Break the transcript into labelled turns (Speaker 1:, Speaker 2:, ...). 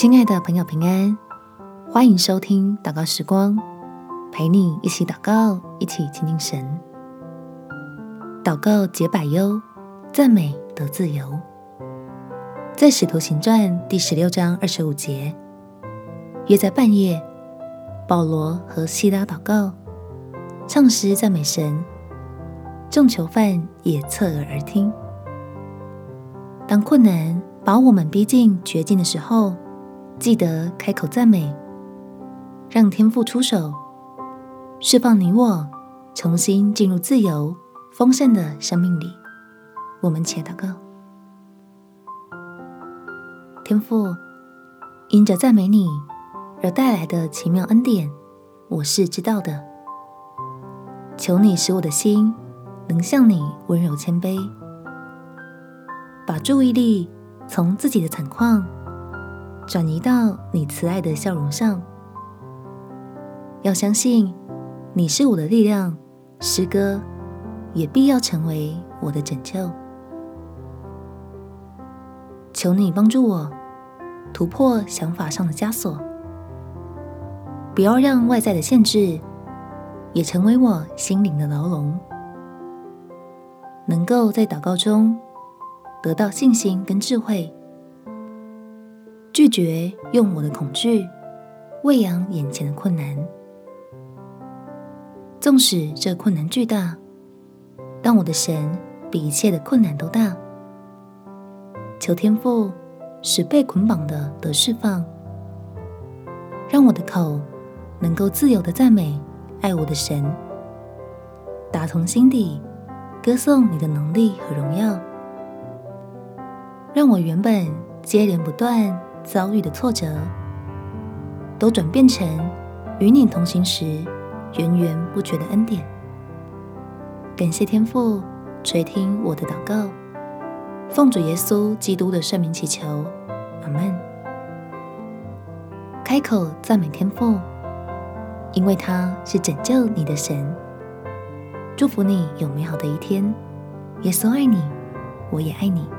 Speaker 1: 親愛的朋友，平安！歡迎收聽禱告時光，陪你一起禱告，一起親近神。禱告解百憂，讚美得自由。在《使徒行傳》第十六章二十五節，約在半夜，保羅和西拉禱告、唱詩讚美神，眾囚犯也側耳而聽。當困難把我們逼進絕境的時候，記得開口讚美，讓天父出手，釋放你我，重新進入自由豐盛的生命裡。我們且禱告：天父因着讚美你而帶來的奇妙恩典，我是知道的。求你使我的心能向你溫柔謙卑，把注意力從自己的慘況。轉移到你慈愛的笑容上。要相信你是我的力量，詩歌也必要成為我的拯救。求你幫助我突破想法上的枷鎖，不要讓外在的限制也成為我心靈的牢籠。能夠在禱告中得到信心跟智慧。拒絕用我的恐懼餵養眼前的困難，縱使這困難巨大，但我的神比一切的困難都大。求天父使被捆綁的得釋放，讓我的口能夠自由的讚美愛我的神，打從心底歌頌你的能力和榮耀，讓我原本接連不斷遭遇的挫折，都轉變成與你同行時源源不絕的恩典。感謝天父垂聽我的禱告，奉主耶穌基督的聖名祈求，阿門。開口讚美天父，因為他是拯救你的神。祝福你有美好的一天。耶穌愛你，我也愛你。